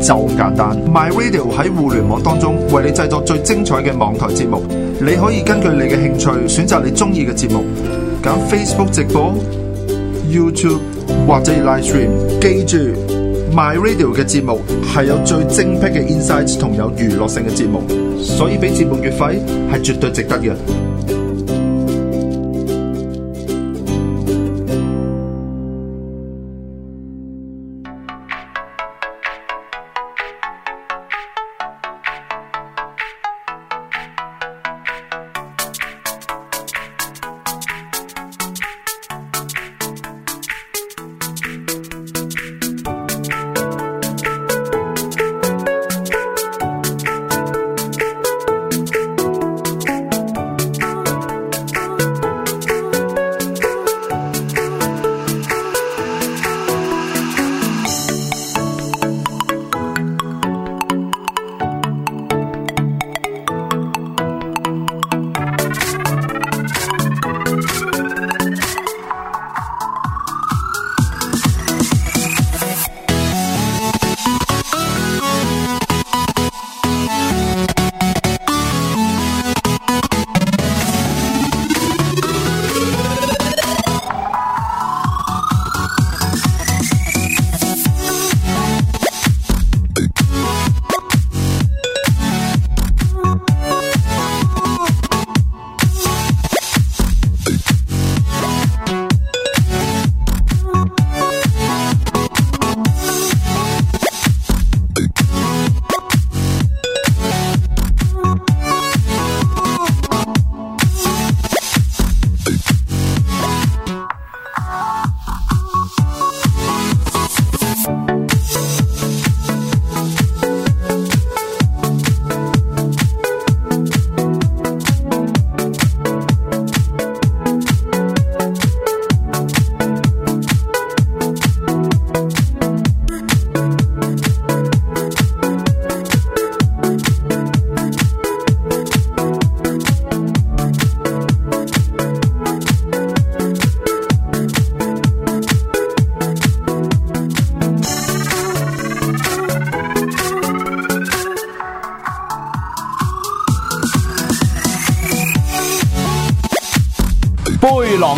就咁簡單，My Radio 喺互聯網當中為你製作最精彩嘅網台節目，你可以根據你嘅興趣選擇你中意嘅節目，揀 Facebook 直播、YouTube 或者 Live Stream。記住，My Radio 嘅節目係有最精闢嘅 insights 同有娛樂性嘅節目，所以俾節目月費係絕對值得嘅。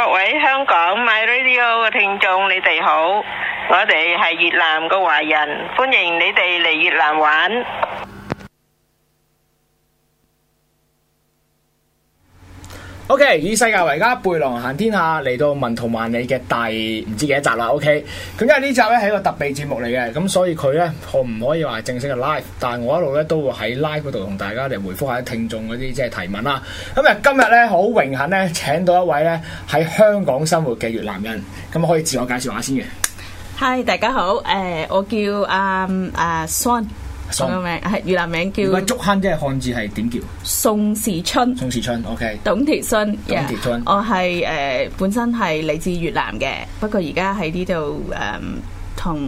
各位香港 My Radio 嘅聽眾，你哋好！我哋係越南嘅華人，歡迎你哋嚟越南玩。O、okay, K，以世界為家，背囊行天下，嚟到文圖萬里嘅第唔知幾多集啦。O K，咁因為呢集咧係一個特別節目嚟嘅，咁所以佢咧可唔可以話係正式嘅 live？但係我一路咧都會喺 live 度同大家嚟回覆下啲聽眾嗰啲即係提問啦。咁啊，今日咧好榮幸咧請到一位咧喺香港生活嘅越南人，咁可以自我介紹下先嘅。Hi，大家好，誒，我叫阿阿 Xuân。Um, uh, 我嘅名係越南名叫。唔該，竹坑即係漢字係點叫？宋氏春，宋氏春，OK。董鐵春，董鐵春，我係誒本身係嚟自越南嘅，不過而家喺呢度誒同誒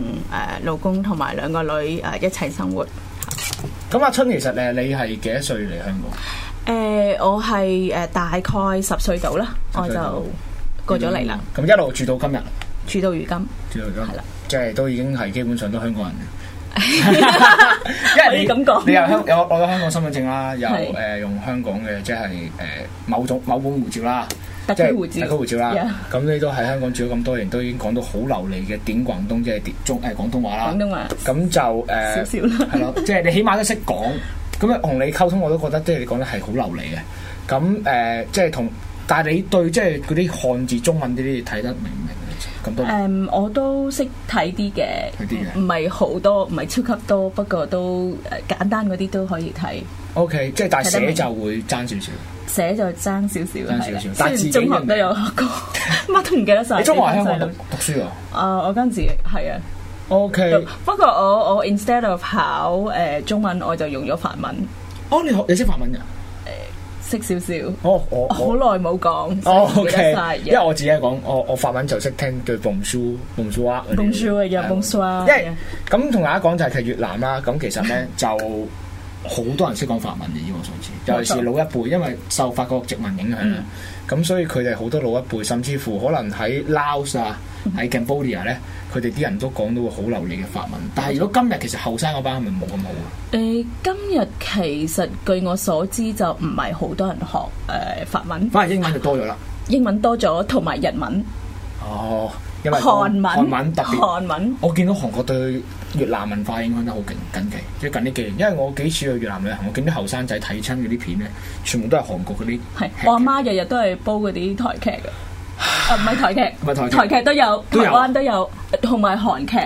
老公同埋兩個女誒一齊生活。咁阿春其實誒你係幾多歲嚟香港？誒我係誒大概十歲到啦，我就過咗嚟啦。咁一路住到今日，住到如今，住到如今，係啦，即係都已經係基本上都香港人。 因為你咁講，你有香有攞咗香港身份證啦，又誒是、呃、用香港嘅即係誒某種某本護照啦，特區護照，特區護照啦。咁你都喺香港住咗咁多年，都已經講到好流利嘅點廣東即係點中誒廣東話啦。廣東話。咁就誒，呃、少少啦，係咯，即係你起碼都識講。咁啊，同你溝通我都覺得即係、就是、你講得係好流利嘅。咁、嗯、誒、呃，即係同，但係你對即係嗰啲漢字中文啲嘢睇得明唔明？咁多，誒 um, 我都識睇啲嘅，唔係好多，唔係超級多，不過都簡單嗰啲都可以睇。O、okay, K，即係但寫就會爭少少，寫就爭少少。爭少少，但雖然中學都有學過，乜 都唔記得晒。你中學香港讀讀書啊？啊、 uh,，我嗰陣時係啊。O Okay . K，不過我我 instead of 考誒、呃、中文，我就用咗、oh, 法文、啊。哦，你學你識法文㗎？識少少，oh, 我我好耐冇講。O、oh, K，okay. 因為我自己係講我我法文就識聽句 bonsoir 啊，bonsoir 因為咁同、嗯嗯、大家講就係越南啦。咁其實咧 就好多人識講法文嘅，以我所知，尤其是老一輩，因為受法國殖民影響啦。咁、嗯、所以佢哋好多老一輩，甚至乎可能喺 Laos 啊，喺 Cambodia 咧。 佢哋啲人都講到個好流利嘅法文，但係如果今日其實後生嗰班係咪冇咁好啊、呃？今日其實據我所知就唔係好多人學誒、呃、法文，反而、啊、英文就多咗啦。英文多咗，同埋日文。哦，因為韓文韓文特別韓文。我見到韓國對越南文化影響得好勁近期，最近呢幾年。因為我幾次去越南旅行，我見到後生仔睇親嗰啲片咧，全部都係韓國嗰啲。係，我阿媽日日都係煲嗰啲台劇嘅。啊，唔係台劇，唔係台劇都有，台灣都有，同埋韓劇。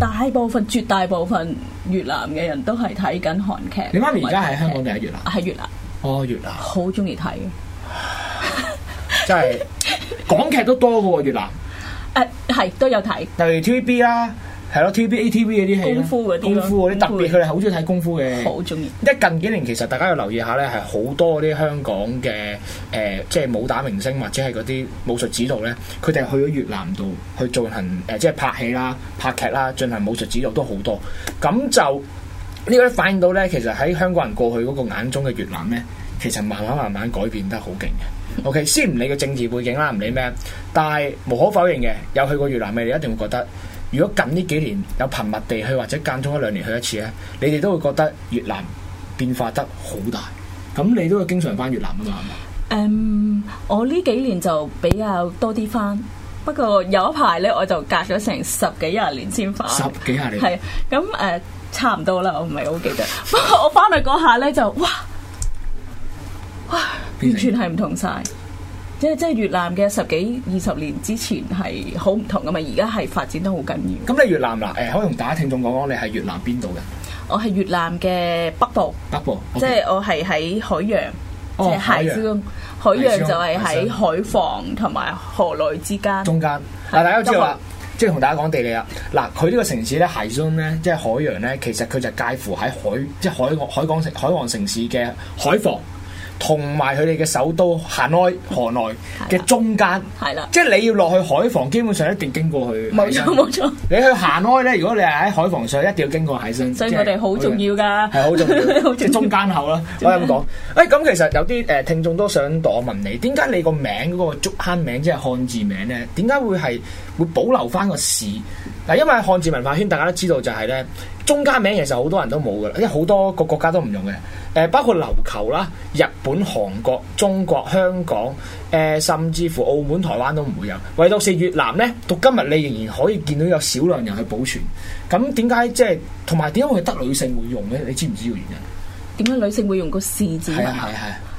大部分，絕大部分越南嘅人都係睇緊韓劇。你媽咪而家喺香港定係越南？喺、啊、越南。哦，越南。好中意睇。真係港劇都多嘅喎，越南。誒、啊，係都有睇。例如 TVB 啦。係咯，TVB、ATV 嗰啲戲，TV, TV 功夫嗰啲，功夫嗰啲，特別佢哋好中意睇功夫嘅，好中意。因為近幾年其實大家要留意下咧，係好多啲香港嘅誒、呃，即係武打明星或者係嗰啲武術指導咧，佢哋去咗越南度去進行誒、呃，即係拍戲啦、拍劇啦，進行武術指導都好多。咁就呢、呢個反映到咧，其實喺香港人過去嗰個眼中嘅越南咧，其實慢慢慢慢改變得好勁嘅。OK，先唔理嘅政治背景啦，唔理咩，但係無可否認嘅，有去過越南嘅你一定會覺得。如果近呢幾年有頻密地去或者間中一兩年去一次咧，你哋都會覺得越南變化得好大。咁你都會經常翻越南吖嘛？嗯，um, 我呢幾年就比較多啲翻，不過有一排咧，我就隔咗成十幾廿年先翻。十幾廿年。係啊，咁誒、呃，差唔多啦，我唔係好記得。 不過我翻去嗰下咧，就哇哇完全係唔同晒。即係即係越南嘅十幾二十年之前係好唔同噶嘛，而家係發展得好緊要。咁你越南嗱，誒可以同大家聽眾講講你係越南邊度嘅？我係越南嘅北部。北部，即係我係喺海洋，即係海海洋就係喺海防同埋河內之間。中間啊！大家知啦，即係同大家講地理啦。嗱，佢呢個城市咧，海洋咧，即係海洋咧，其實佢就介乎喺海，即係海海港城海港城市嘅海防，同埋佢哋嘅首都行開河內嘅中間，係啦、 啊，即係你要落去海防，基本上一定經過佢。冇錯冇錯，啊、錯你去行開咧，如果你係喺海防上，一定要經過海信。所以我哋好重要㗎，係好 重要， 重要即係中間口啦。麼我咁講，誒、欸、咁其實有啲誒聽眾都想度我問你，點解你名、那個竹名嗰個竹坑名即係漢字名咧？點解會係會保留翻個氏嗱？因為漢字文化圈大家都知道就係、是、咧。中間名其實好多人都冇㗎啦，因為好多個國家都唔用嘅。誒、呃，包括琉球啦、日本、韓國、中國、香港，誒、呃，甚至乎澳門、台灣都唔會有。唯獨是越南呢，到今日你仍然可以見到有少量人去保存。咁點解即係同埋點解我哋得女性會用呢？你知唔知個原因？點解女性會用個氏字文？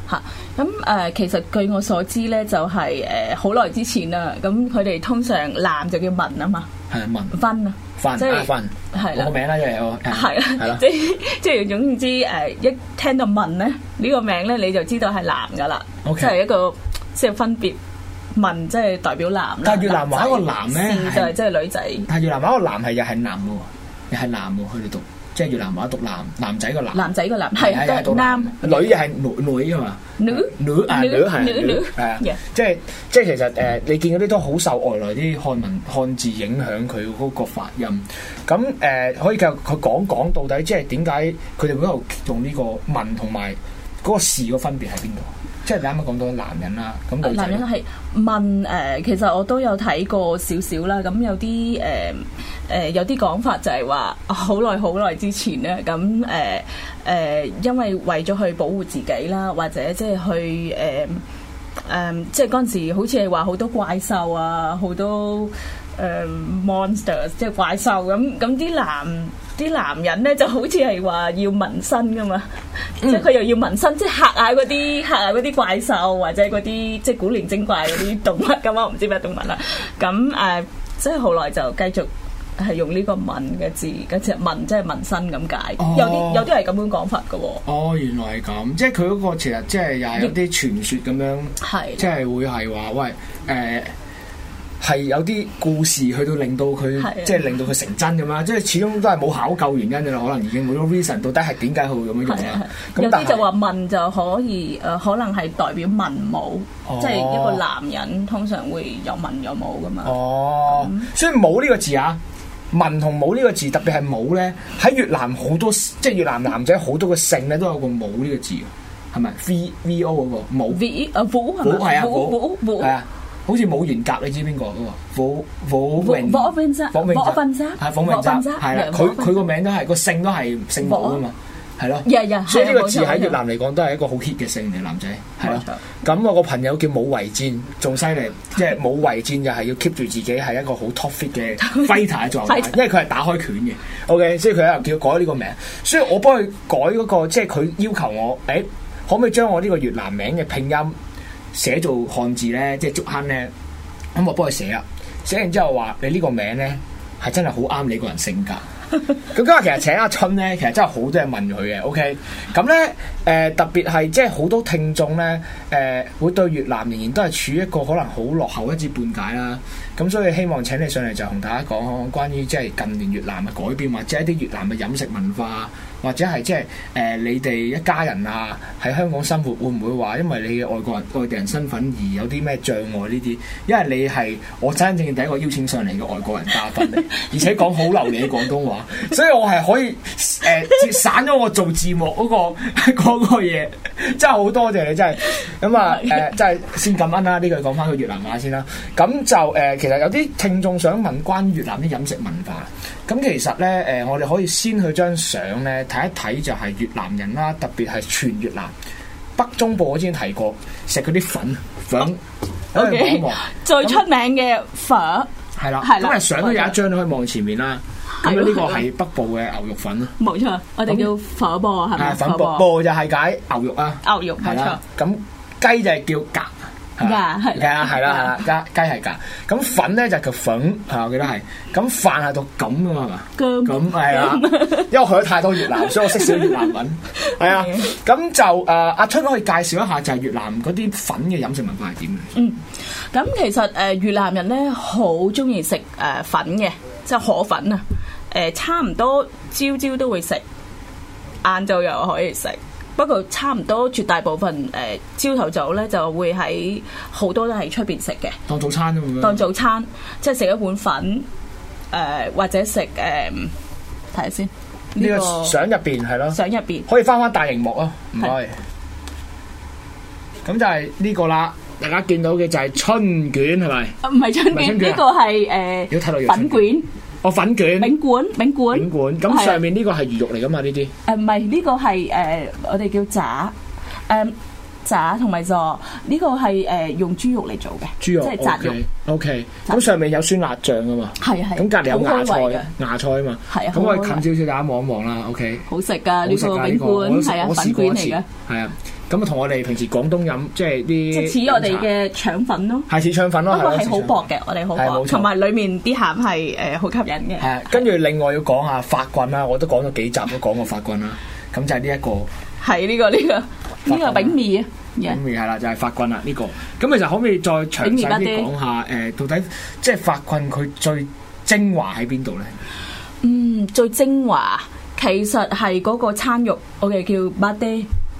吓，咁誒，其實據我所知咧，就係誒好耐之前啦。咁佢哋通常男就叫文啊嘛，係文分啊，即係文係個名啦，又係我係啦，即係即係總之誒，一聽到文咧呢個名咧，你就知道係男噶啦，即係一個即係分別文即係代表男。但係越南話一個男咧就係即係女仔。但係越南話一個男係又係男噶，又係男喎，去到讀。即係越南話讀男男仔個男，男仔個男，係係係。男女又係女女啊嘛，女女啊女係女女係啊。即係即係其實誒，你見到嗰啲都好受外來啲漢文漢字影響，佢嗰個發音。咁誒可以佢佢講講到底，即係點解佢哋會用用呢個文同埋嗰個氏嘅分別喺邊度？即係你啱啱講到男人啦，咁女。男人係問誒，其實我都有睇過少少啦。咁有啲誒誒有啲講法就係話，好耐好耐之前咧，咁誒誒，因為為咗去保護自己啦，或者即係去誒誒，即係嗰陣時好似係話好多怪獸啊，好多誒 Monsters，即係怪獸咁咁啲男。啲男人咧就好似係話要紋身噶嘛，嗯、即係佢又要紋身，即係吓下嗰啲吓下啲怪獸或者嗰啲即係古靈精怪嗰啲動物噶 我唔知咩動物啦。咁誒，即係後來就繼續係用呢個文嘅字，跟住文即係紋身咁解，哦。有啲有啲係咁樣講法噶。哦，原來係咁，即係佢嗰個其實即係又有啲傳說咁樣，即係原會係話喂誒。呃係有啲故事去到令到佢，即係令到佢成真咁啊！即係始終都係冇考究原因嘅啦，可能已經冇咗 reason，到底係點解佢會咁樣樣啊？有啲就話文就可以，誒，可能係代表文武，即係一個男人通常會有文有武噶嘛。哦，所以武呢個字啊，文同武呢個字，特別係武咧喺越南好多，即係越南男仔好多個姓咧都有個武呢個字啊，係咪？V V O 個武，V I 啊武，武係啊。好似武元甲，你知邊個？武武明，武文山，武文山，係武文山，係啦。佢佢個名都係，個姓都係姓武啊嘛，係我咯。嗯、所以呢個字喺越南嚟講都係一個好 hit 嘅姓嚟，男仔係咯。咁是我個朋友叫武維戰，仲犀利，即係武維戰就係要 keep 住自己係一個好 top fit 嘅 fighter 嘅狀態，因為佢係打開拳嘅。OK，所以佢又叫改呢個名，所以我幫佢改嗰個，即係佢要求我，誒、欸，可唔可以將我呢個越南名嘅拼音？寫做漢字咧，即係竹坑咧，咁我幫佢寫啊。寫完之後話：你呢個名咧係真係好啱你個人性格。咁今日其實請阿春咧，其實真係好多人問佢嘅。OK，咁咧誒特別係即係好多聽眾咧誒、呃、會對越南仍然都係處於一個可能好落後，一知半解啦。咁所以希望請你上嚟就同大家講講關於即係近年越南嘅改變，或者一啲越南嘅飲食文化。或者係即係誒，你哋一家人啊，喺香港生活會唔會話，因為你嘅外國人、外地人身份而有啲咩障礙呢啲？因為你係我真正第一個邀請上嚟嘅外國人嘉賓，而且講好流利嘅廣東話，所以我係可以誒節省咗我做字幕嗰、嗰個嘢， 真係好多謝你，真係咁啊誒、呃，真係先感恩啦！呢句講翻佢越南話先啦。咁就誒、呃，其實有啲聽眾想問關於越南啲飲食文化。咁其實咧，誒，我哋可以先去張相咧睇一睇，就係越南人啦，特別係全越南北中部我之前提過食嗰啲粉粉，好望？最出名嘅粉係啦，咁啊，相都有一張你可以望前面啦。咁呢個係北部嘅牛肉粉啦。冇錯，我哋叫粉波係咪係？粉波波就係解牛肉啊。牛肉係啦。咁雞就係叫甲。係啊，係啊，係啦，雞雞係噶，咁粉咧就個粉吓，我記得係，咁飯係到咁噶嘛，咁係啊，因為去咗太多越南，所以我識少越南文。係啊，咁就誒阿春可以介紹一下就係越南嗰啲粉嘅飲食文化係點嘅？嗯，咁其實誒越南人咧好中意食誒粉嘅，即係河粉啊，誒差唔多朝朝都會食，晏晝又可以食。不過差唔多絕大部分誒，朝頭早咧就會喺好多都係出邊食嘅。當早餐啫嘛。當早餐，即係食一碗粉，誒或者食誒，睇下先。呢個相入邊係咯。相入邊可以翻翻大熒幕咯，唔該。咁就係呢個啦，大家見到嘅，就係春卷係咪？唔係春卷，呢個係誒粉卷。我粉卷，餅館，餅館。咁上面呢個係魚肉嚟噶嘛？呢啲誒唔係，呢個係誒我哋叫炸誒炸同埋就，呢個係誒用豬肉嚟做嘅豬肉，即係炸肉。O K，咁上面有酸辣醬啊嘛，係啊係。咁隔離有芽菜啊，芽菜啊嘛。係啊，咁我哋近少少大家望一望啦。O K，好食噶呢個餅館，係啊，粉卷嚟嘅係啊。咁啊，同我哋平時廣東飲即係啲，即似我哋嘅腸粉咯，係似腸粉咯，呢個係好薄嘅，我哋好薄，同埋裡面啲餡係誒好吸引嘅。係啊，跟住另外要講下法棍啦，我都講咗幾集都講過法棍啦，咁就係呢一個，係呢個呢個呢個餅麵啊，餅麵係啦，就係法棍啦呢個。咁其實可唔可以再詳細啲講下誒到底即係法棍佢最精華喺邊度咧？嗯，最精華其實係嗰個餐肉，我哋叫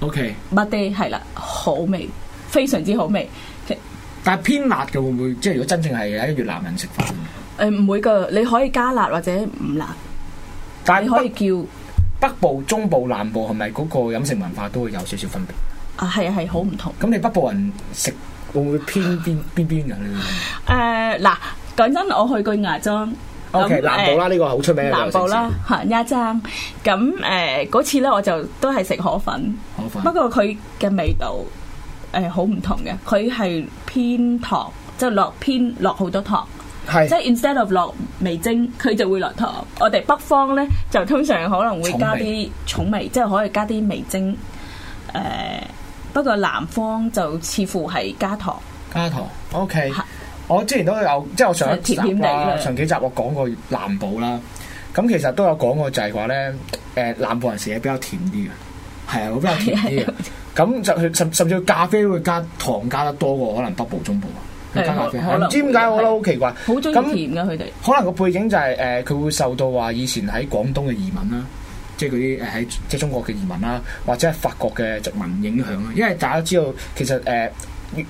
O K，乜嘅係啦，好味，非常之好味。但係偏辣嘅會唔會，即係如果真正係喺越南人食飯？誒，唔、欸、會噶，你可以加辣或者唔辣。但係北可以叫北部、中部、南部係咪嗰個飲食文化都會有少少分別？啊，係啊，係好唔同。咁、嗯、你北部人食會唔會偏邊邊邊噶咧？誒，嗱，講、 呃、真，我去過芽莊。O.K. 南部啦，呢個好出名嘅南部啦，嚇阿爭。咁誒嗰次咧，我就都係食河粉，河粉不過佢嘅味道誒好唔同嘅。佢係偏糖，即、即係、落偏落好多糖，係是即 instead of 落味精，佢就會落糖。我哋北方咧就通常可能會加啲重味，即係味可以加啲味精。誒、呃，不過南方就似乎係加糖，加糖。O.K. 我之前都有，即係我上一上上幾集我講過南部啦。咁其實都有講過就係話咧，誒南部人食嘢比較甜啲嘅，係啊，會比較甜啲嘅。咁 就甚甚至咖啡會加糖加得多過，可能北部中部啊，的加咖啡。唔知點解的我覺得好奇怪，好中意甜嘅佢哋。那們可能個背景就係、是、誒，佢、呃、會受到話以前喺廣東嘅移民啦，即係嗰啲誒喺即係中國嘅移民啦，或者係法國嘅殖民影響啊。因為大家知道，其實誒。呃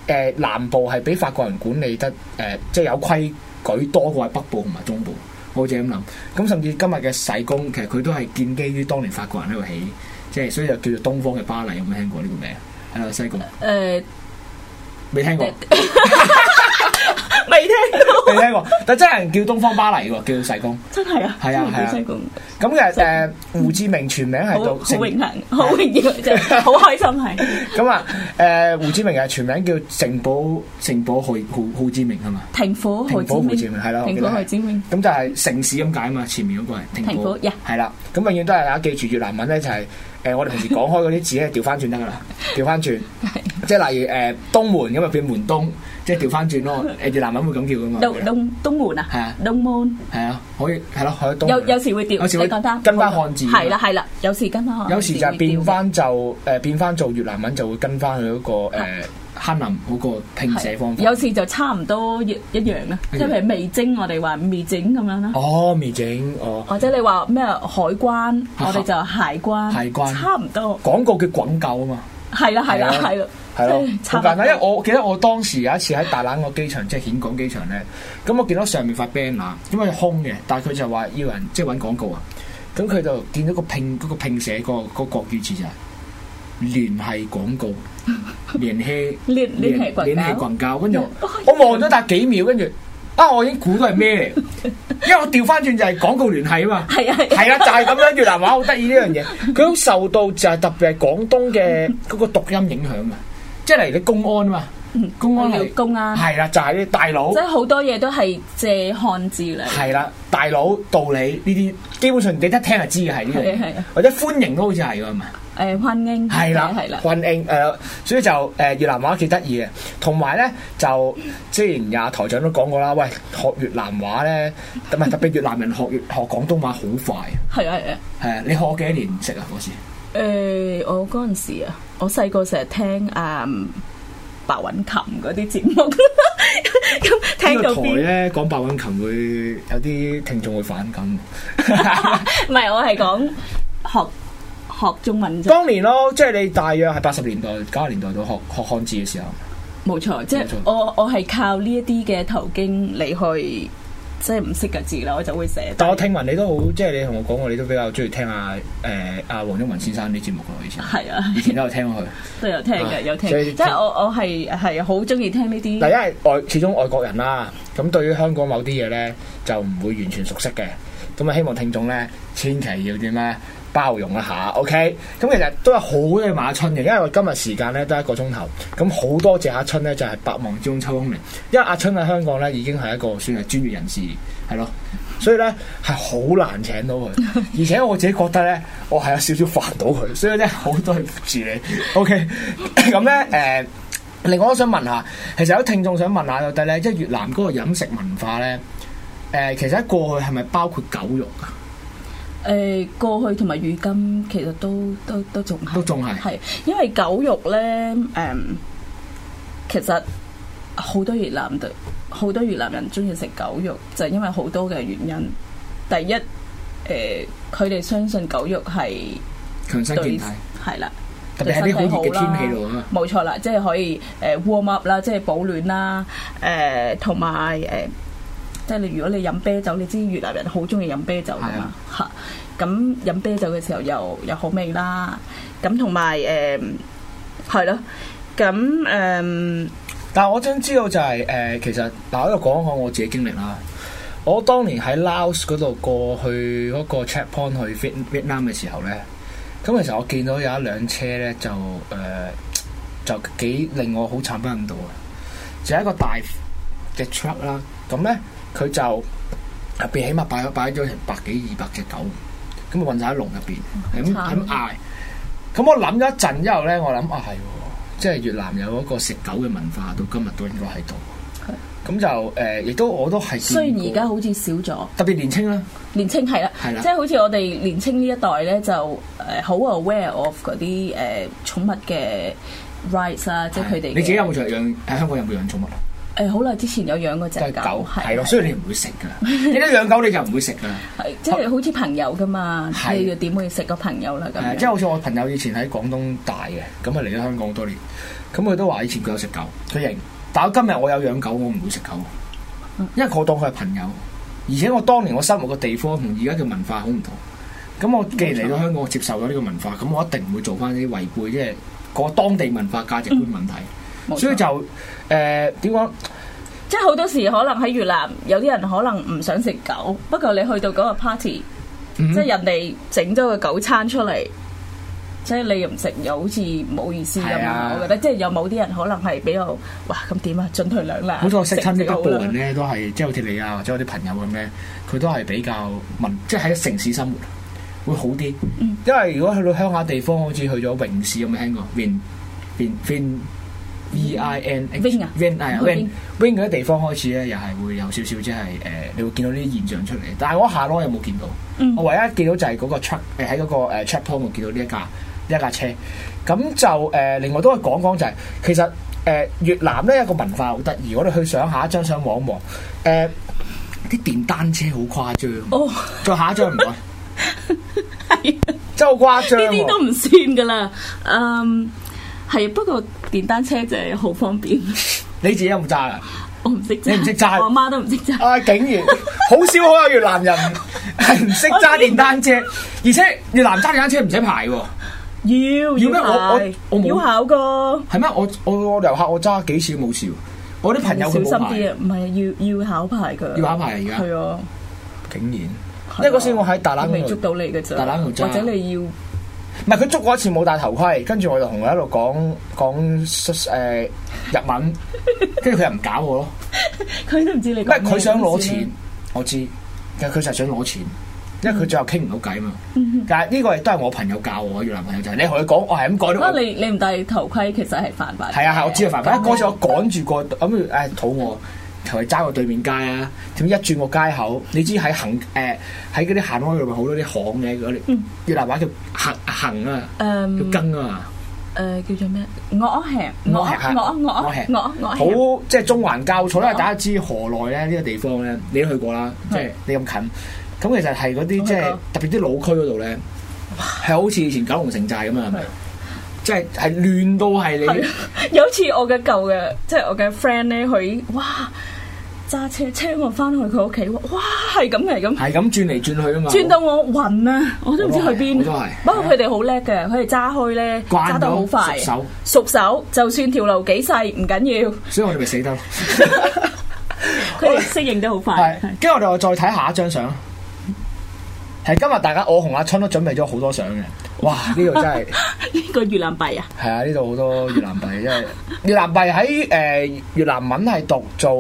誒，南部係畀法國人管理得，誒、即、呃、係、就是、有規矩多過喺北部同埋中部，我好似咁諗。咁甚至今日嘅西貢，其實佢都係建基於當年法國人喺度起，即係所以又叫做東方嘅巴黎。有冇聽過呢個名？喺西貢誒，未、呃、聽過。呃 未聽到，未聽過，但真係人叫東方巴黎嘅，叫西貢，真係啊，係啊，係啊，西貢。咁其實誒，胡志明全名係叫，好榮幸，好榮幸，真係好開心係。咁啊，誒，胡志明啊，全名叫城堡，城堡胡胡胡志明啊嘛，平堡胡志明係咯，平堡胡志明。咁就係城市咁解啊嘛，前面嗰個係平堡，係啦。咁永遠都係大家記住越南文咧就係，誒，我哋平時講開嗰啲字咧調翻轉得噶啦，調翻轉，即係例如誒東門咁啊變門東。即係調翻轉咯，誒越南文會咁叫噶嘛？東東東門啊！係啊，東門係啊，可以係咯，喺東。有有時會調，有時會講翻跟翻漢字。係啦，係啦，有時跟翻漢字。有時就變翻就誒，變翻做越南文就會跟翻佢嗰個誒閩南嗰個拼寫方法。有時就差唔多一一樣啦，即係味精，我哋話味整咁樣啦。哦，味整哦。或者你話咩海關，我哋就鞋關。鞋關。差唔多。廣告叫廣告啊嘛。係啦，係啦，係啦。係咯，好簡單。 嗯、 因為我記得我當時有一次喺大欖個機場，即係顯港機場咧，咁、嗯、我見到上面發 banner，因為空嘅，但係佢就話要人即係揾廣告啊。咁、嗯、佢就見到個拼嗰、那個拼寫、那個國語字就係聯繫廣告，聯 連繫聯聯繫群教，跟住 我望咗大概幾秒，跟住啊，我已經估到係咩嚟，因為我調翻轉就係廣告聯繫啊嘛。係啊係啊，就係、是、咁樣越南話好得意呢樣嘢，佢好受到就係特別係廣東嘅嗰個讀音影響啊。即係嚟，啲公安嘛，公安係公安係啦，就係啲大佬。即係好多嘢都係借漢字嚟。係啦，大佬道理呢啲，基本上你一聽就知嘅，係呢個，或者歡迎都好似係喎，係咪？誒，歡迎係啦係啦，歡迎誒，所以就誒越南話幾得意嘅。同埋咧就，之前阿台長都講過啦，喂，學越南話咧，特唔特別越南人學粵學廣東話好快。係啊係啊，係啊，你學幾多年唔識啊嗰時？誒，我嗰陣時啊。我細個成日聽誒、嗯、白韻琴嗰啲節目，咁 聽到台咧講白韻琴會有啲聽眾會反感。唔係，我係講學 學中文。當年咯，即係你大約係八十年代、九十年代到學學漢字嘅時候。冇錯錯，即係沒錯 我我係靠呢一啲嘅途徑嚟去。即係唔識嘅字咧，我就會寫。但我聽聞你都好，即係你同我講，我哋都比較、啊呃啊、中意聽阿誒阿黃宗文先生啲節目嘅以前。係是啊，以前都有聽過 都有聽佢。都有聽嘅，有聽。以即係我我係係好中意聽呢啲。但因為外始終外國人啦，咁對於香港某啲嘢咧，就唔會完全熟悉嘅。咁啊，希望聽眾咧，千祈要點咧。包容一下，OK。咁其實都係好多阿春嘅，因為我今日時間咧都係一個鐘頭，咁好多謝阿春咧就係、是、百忙中抽空嚟，因為阿春喺香港咧已經係一個算係專業人士，係咯，所以咧係好難請到佢。而且我自己覺得咧，我係有少少煩到佢，所以咧好對唔住你 ，OK。咁咧誒，另外我想問下，其實有啲聽眾想問下，到底咧即係越南嗰個飲食文化咧，誒其實喺過去係咪包括狗肉啊？誒過去同埋如今其實都都都仲係，係因為狗肉咧誒、嗯，其實好多越南的、好多越南人中意食狗肉，就係、是、因為好多嘅原因。第一，誒佢哋相信狗肉係強身健體，係啦了，特別喺啲好熱嘅天氣度啊，冇、嗯、錯啦，即、就、係、是、可以誒 warm up 啦，即係保暖啦，誒同埋誒。即係你，如果你飲啤酒，你知越南人好中意飲啤酒噶嘛嚇。咁飲、啊、啤酒嘅時候又又好味啦。咁同埋誒係咯。咁、嗯、誒，嗯、但係我想知道就係、是、誒、呃，其實嗱，但我講講我自己經歷啦。我當年喺 Laos 嗰度過去嗰、那個 checkpoint 去 Vietnam 嘅時候咧，咁其實我見到有一輛車咧就誒、呃、就幾令我好慘不忍睹嘅，就係、是、一個大嘅 truck 啦。咁咧。佢就入邊起碼擺咗擺咗成百幾二百隻狗，咁啊混晒喺籠入邊，係咁嗌。咁我諗咗一陣之後咧，我諗啊係，即係越南有一個食狗嘅文化，到今日都應該喺度。係的。咁就誒，亦、呃、都我都係。雖然而家好似少咗，特別年青啦。年青係啦，即係的好似我哋年青呢一代咧，就誒好 aware of 嗰啲誒寵物嘅 rights 啊的，即係佢哋。你自己有冇在養？喺香港有冇養寵物？誒、欸、好耐之前有養過隻狗係，係咯，所以你唔會食噶。你一 養狗你就唔會食噶。係即係好似朋友噶嘛，係要點會食個朋友咧？誒，即係好似我朋友以前喺廣東大嘅，咁啊嚟咗香港多年，咁佢都話以前佢有食狗，佢認。但我今日我有養狗，我唔會食狗，因為我當佢係朋友。而且我當年我生活嘅地方同而家嘅文化好唔同，咁我既然嚟到香港，我接受咗呢個文化，咁我一定唔會做翻啲違背，即係個當地文化價值觀問題。嗯所以就誒點講，呃、即係好多時可能喺越南有啲人可能唔想食狗，不過你去到嗰個 party，嗯、即係人哋整咗個狗餐出嚟，嗯、即係你又唔食又好似冇意思咁。啊、我覺得即係有冇啲人可能係比較哇咁點啊，進退兩難。好多識親一部分人咧，都係即係好似你啊，或者我啲朋友咁、啊、咧，佢都係比較文，即係喺城市生活會好啲。嗯、因為如果去到鄉下地方，好似去咗榮市，有冇聽過？V I N，V N I V N，V N 嗰啲地方開始咧，又係會有少少即係誒，你會見到啲現象出嚟。但係我下落有冇見到。我唯一見到就係嗰個 check，喺嗰個誒 check point 度見到呢一架，一架車。咁就誒，另外都可以講講就係其實誒越南咧有一個文化好得意。我哋去上下一張相望一望，誒啲電單車好誇張。再下一張唔該。真係好誇張。呢啲都唔算㗎喇。嗯，係不過。電單車真係好方便，你自己有冇揸啊？我唔識揸，你唔識揸，我阿媽都唔識揸。啊！竟然好少可有越南人唔識揸電單車，而且越南揸電單車唔使牌喎。要要咩？我我我冇考過。係咩？我我我遊客我揸幾次都冇事。我啲朋友小心啲啊！唔係要要考牌㗎。要考牌而家。係啊，竟然。因為嗰次我喺大懶冇捉到你嘅啫，大懶冇捉。或者你要。唔係，佢捉過一次冇戴頭盔，跟住我就同佢喺度講講誒日文，跟住佢又唔搞我咯。佢都唔知你。唔係佢想攞錢，我知，但實佢就係想攞錢，因為佢最後傾唔到計嘛。嗯、哼但係呢個亦都係我朋友教我，原男朋友就係、是、你同佢講，我係咁講。你我不過，你你唔戴頭盔其實係犯法。係啊係、啊，我知道犯法。嗰次我趕住過，咁誒肚餓。同佢揸過對面街啊，點一轉個街口，你知喺行誒喺嗰啲行開路咪好多啲巷嘅嗰啲，越南話叫行行啊，叫更啊，誒叫做咩？我蝦，我蝦，我蝦，好即係中環交錯啦。大家知河內咧呢個地方咧，你都去過啦，即係你咁近，咁其實係嗰啲即係特別啲老區嗰度咧，係好似以前九龍城寨咁啊，係咪？即係係亂到係你，有次我嘅舊嘅即係我嘅 friend 咧，佢哇！揸車車我翻去佢屋企，哇，係咁嚟，咁係咁轉嚟轉去啊嘛，轉到我暈啊，我都唔知去邊。我都係，不過佢哋好叻嘅，佢哋揸開咧，揸得好快，熟手熟手，就算條路幾細唔緊要。所以我哋咪死得咯，佢哋適應得好快。跟住我哋又再睇下一張相，係今日大家我同阿春都準備咗好多相嘅。哇！呢度真係呢個越南幣啊，係啊！呢度好多越南幣，因為越南幣喺誒越南文係讀做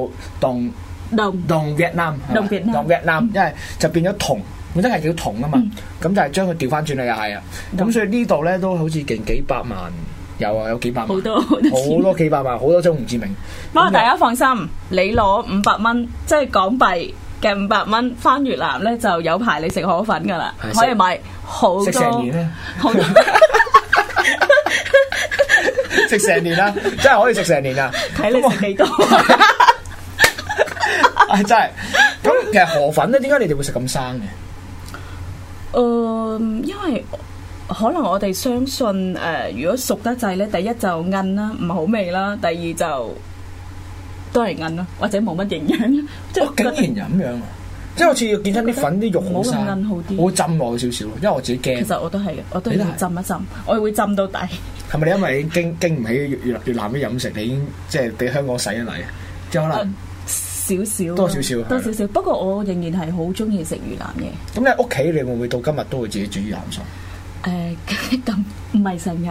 銅，銅銅越南，銅越南，因為就變咗銅，本身係叫銅啊嘛，咁就係將佢調翻轉嚟又係啊！咁所以呢度咧都好似勁幾百萬有啊，有幾百萬，好多好多幾百萬，好多張胡志明。不過大家放心，你攞五百蚊，即係港幣。嘅五百蚊翻越南咧，就有排你食河粉噶啦，嗯、可以買多年好多，食 成 年咧，食成年啊，真係可以食成年啊！睇你食幾多啊！真係，咁其實河粉咧，點解你哋會食咁生嘅？誒，因為可能我哋相信誒、呃，如果熟得滯咧，第一就韌啦，唔好味啦，第二就是，都係韌咯，或者冇乜營養，即係竟然又咁樣啊！即係好似要見親啲粉啲肉好韌好啲，我浸耐少少，因為我自己驚。其實我都係我都會浸一浸，我會浸到底。係咪你因為經經唔起越越南啲飲食，你已經即係俾香港洗一嚟？即可能少少，多少少，多少少。不過我仍然係好中意食越南嘢。咁你屋企你會唔會到今日都會自己煮越南菜？誒，咁唔係成日。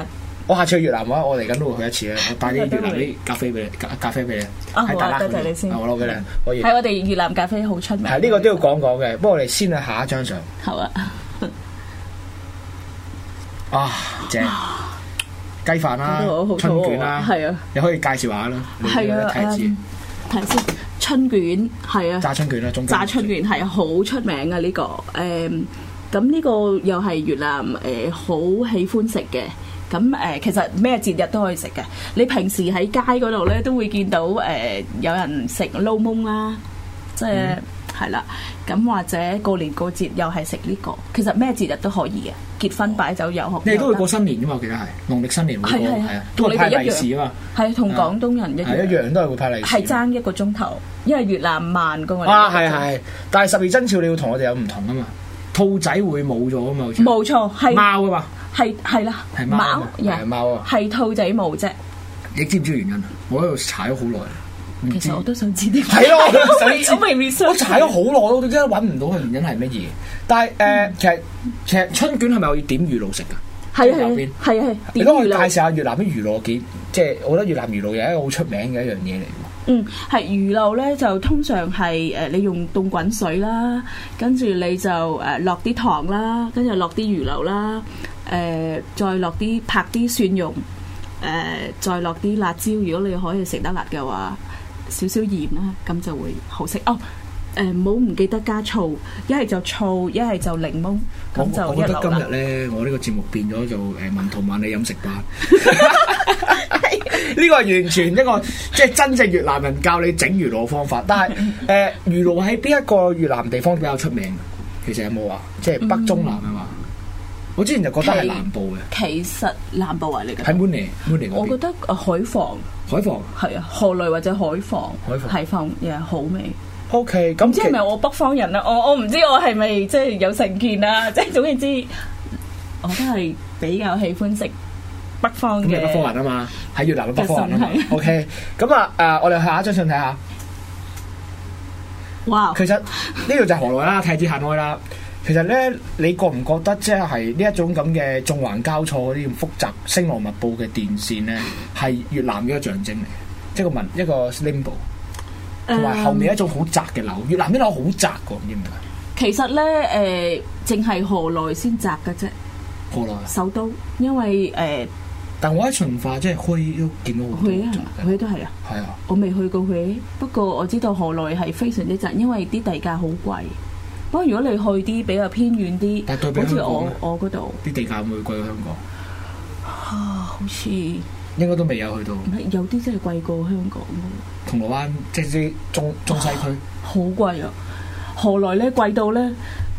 我下次去越南嘅話，我嚟緊都會去一次咧。我帶啲越南啲咖啡俾你，咖啡俾你。啊，好啊，多謝你先。我攞俾你，可以。喺我哋越南咖啡好出名。係呢個都要講講嘅。不過我哋先去下一張相。好啊。啊，正雞飯啦，春捲啦，係啊，你可以介紹下啦。係啊，睇下先。睇下先，春捲係啊，炸春捲啦，中炸春捲係好出名啊！呢個誒，咁呢個又係越南誒，好喜歡食嘅。咁誒，其實咩節日都可以食嘅。你平時喺街嗰度咧，都會見到誒有人食撈檬啦，即係係啦。咁或者過年過節又係食呢個。其實咩節日都可以嘅。結婚擺酒又好，你哋都會過新年噶嘛？我記得係農曆新年，係係同你哋一樣啊嘛。係同廣東人一樣，一樣都係會派利是。係爭一個鐘頭，因為越南慢噶我哋。啊係係，但係十二生肖你要同我哋有唔同啊嘛。兔仔會冇咗啊嘛，好似冇錯係貓啊嘛。係係啦，貓貓，係貓，啊，係、啊、兔仔毛啫。你知唔知原因啊？我喺度踩咗好耐。其實我都想知啲。係咯，我踩咗好耐我都，真係揾唔到嘅原因係乜嘢？但係誒，其實其實春卷係咪我要點魚露食噶？係係啊，係。 你都我要介紹下越南啲魚露幾，即係我覺得越南魚露又係一個好出名嘅一樣嘢嚟。嗯，係魚露咧就通常係誒，你用凍滾水啦，跟住你就誒落啲糖啦，跟住落啲魚露啦。誒、呃、再落啲拍啲蒜蓉，誒、呃、再落啲辣椒，如果你可以食得辣嘅話，少少鹽啦，咁就會好食。哦，唔好唔記得加醋，一係就醋，一係就檸檬，咁就一流啦。我，我覺得今日咧，我呢個節目變咗做誒、呃、文圖萬里飲食吧。呢個係完全一個即係、就是、真正越南人教你整魚露嘅方法。但係誒魚露喺邊一個越南地方比較出名？其實有冇啊？即、就、係、是、北中南係嘛？ 我之前就覺得係南部嘅，其實南部嚟嘅。喺滿年，滿年。我覺得海防，海防係啊，河內或者海防，海防係方又係好味。OK，咁即係咪我北方人啊？我我唔知我係咪即係有成見啊？即係總之， 我都係比較喜歡食北方北方人啊嘛，喺越南嘅北方啊嘛。OK，咁啊啊， okay, 啊呃、我哋下一張相睇下。哇！Wow. 其實呢度就係河內啦，太子行開啦。 其實咧，你覺唔覺得即係呢一種咁嘅縱橫交錯嗰啲咁複雜星羅密布嘅電線咧，係越南嘅一個象徵嚟，即係個文一個 symbol 同埋後面一種好窄嘅樓，嗯、越南啲樓好窄噶、啊，知唔知？其實咧，誒、呃，淨係河內先窄嘅啫，河內、哦、首都，因為誒。呃、但我喺循化即係去，都見到好多，去啊，去都係啊，係啊，我未去過去，不過我知道河內係非常之窄，因為啲地價好貴。如果如果你去啲比較偏遠啲，好似我我嗰度，啲地價會,會貴,、啊、貴過香港嚇？好似應該都未有去到。有啲真係貴過香港嘅。銅鑼灣即係啲中中西區，好、啊、貴啊！何來咧貴到咧？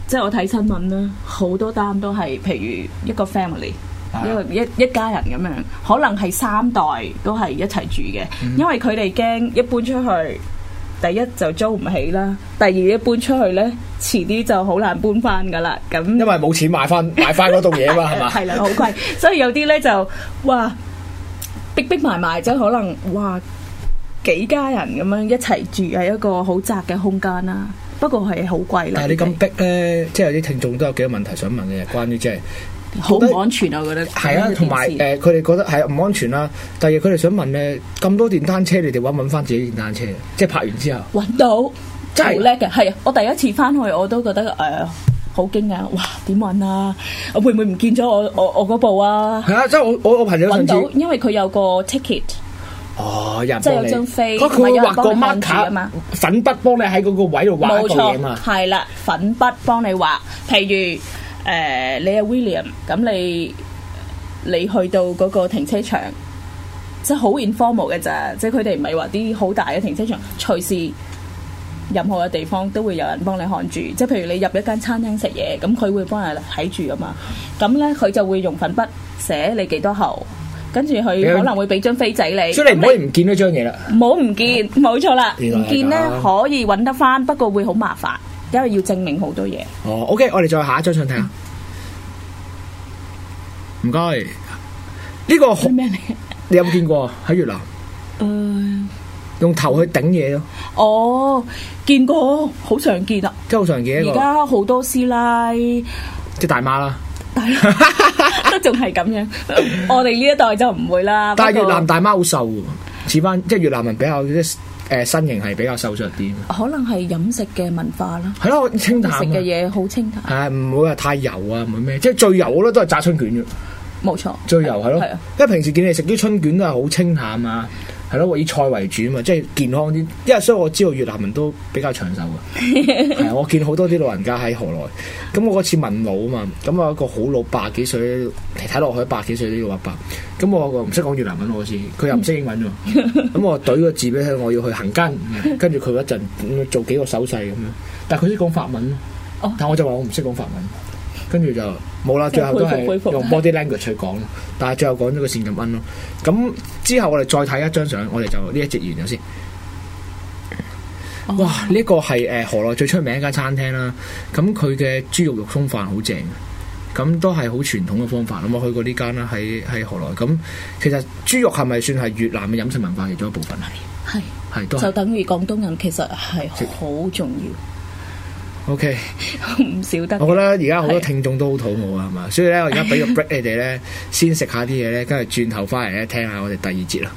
即係我睇新聞呢，好多單都係譬如一個 family，、啊、一個一一家人咁樣，可能係三代都係一齊住嘅，嗯、因為佢哋驚一搬出去。第一就租唔起啦，第二一搬出去咧，遲啲就好難搬翻噶啦。咁因為冇錢買翻買翻嗰棟嘢嘛，係嘛？係啦，好貴，所以有啲咧就哇逼逼埋埋，即可能哇幾家人咁樣一齊住係一個好窄嘅空間啦。不過係好貴啦。但係你咁逼咧，呢即係有啲聽眾都有幾個問題想問嘅，關於即係。好唔安全啊！我覺得係啊，同埋誒，佢哋覺得係唔安全啦。第二，佢哋想問咧，咁多電單車，你哋揾唔揾翻自己電單車？即係拍完之後揾到，真係好叻嘅。係啊，我第一次翻去我都覺得誒、呃、好驚啊！哇，點揾啊？會唔會唔見咗我我我嗰部啊？係啊，即係我我朋友揾到，因為佢有個 ticket。哦，人即係有張飛，佢有畫個 marker 啊嘛，粉筆幫你喺嗰個位度畫個嘢啊嘛，係啦，粉筆幫你畫，譬如。誒，你係 William，咁你你去到嗰個停車場，即係好 informal 嘅咋，即係佢哋唔係話啲好大嘅停車場，隨時任何嘅地方都會有人幫你看住。即係譬如你入一間餐廳食嘢，咁佢會幫你睇住啊嘛。咁咧佢就會用粉筆寫你幾多號，跟住佢可能會俾張飛仔你。所以你唔可以唔見嗰張嘢啦。冇唔見，冇錯啦。唔見咧可以揾得返，不過會好麻煩。因為要證明好多嘢。哦，OK，我哋再下一張相睇下。唔該。呢個係咩嚟？你有冇見過喺越南？誒，用頭去頂嘢咯。哦，見過，好常見啊。即係好常見。而家好多師奶，即係大媽啦，都仲係咁樣。我哋呢一代就唔會啦。但係越南大媽好瘦噶，似翻即係越南人比較啲。誒，身形係比較瘦削啲，可能係飲食嘅文化啦。係咯， 清淡。食嘅嘢好清淡。係啊，唔會話太油啊，唔會咩，即係最油嘅都係炸春卷啫。冇錯，最油係咯，係啊，因為平時見你食啲春捲都係好清淡啊。係咯，我以菜為主啊嘛，即係健康啲。因為所以我知道越南人都比較長壽噶。係 我見好多啲老人家喺河內。咁我嗰次問老啊嘛，咁我一個好老百歲，百幾歲，睇落去百幾歲都要話百。咁我唔識講越南文，好似佢又唔識英文啫。咁、 嗯嗯嗯、我懟個字俾佢，我要去行街，跟住佢一陣做幾個手勢咁樣。但係佢識講法文咯，但我就話我唔識講法文。跟住就冇啦，是最後都係用 body language 去講的，但係最後講咗個扇咁蚊咯。咁之後我哋再睇一張相，我哋就呢一節完咗先。Oh. 哇！呢、呢個係誒河內最出名一間餐廳啦。咁佢嘅豬肉肉鬆飯好正，咁都係好傳統嘅方法，咁我去過呢間啦，喺喺河內。咁其實豬肉係咪算係越南嘅飲食文化其中一部分啊？係係的的都就等於廣東人其實係好重要。O K，唔少得。我覺得而家好多聽眾都好肚餓啊，係嘛的？所以咧，我而家俾個 break 你哋咧， 先食下啲嘢咧，跟住轉頭翻嚟咧，聽下我哋第二節啦。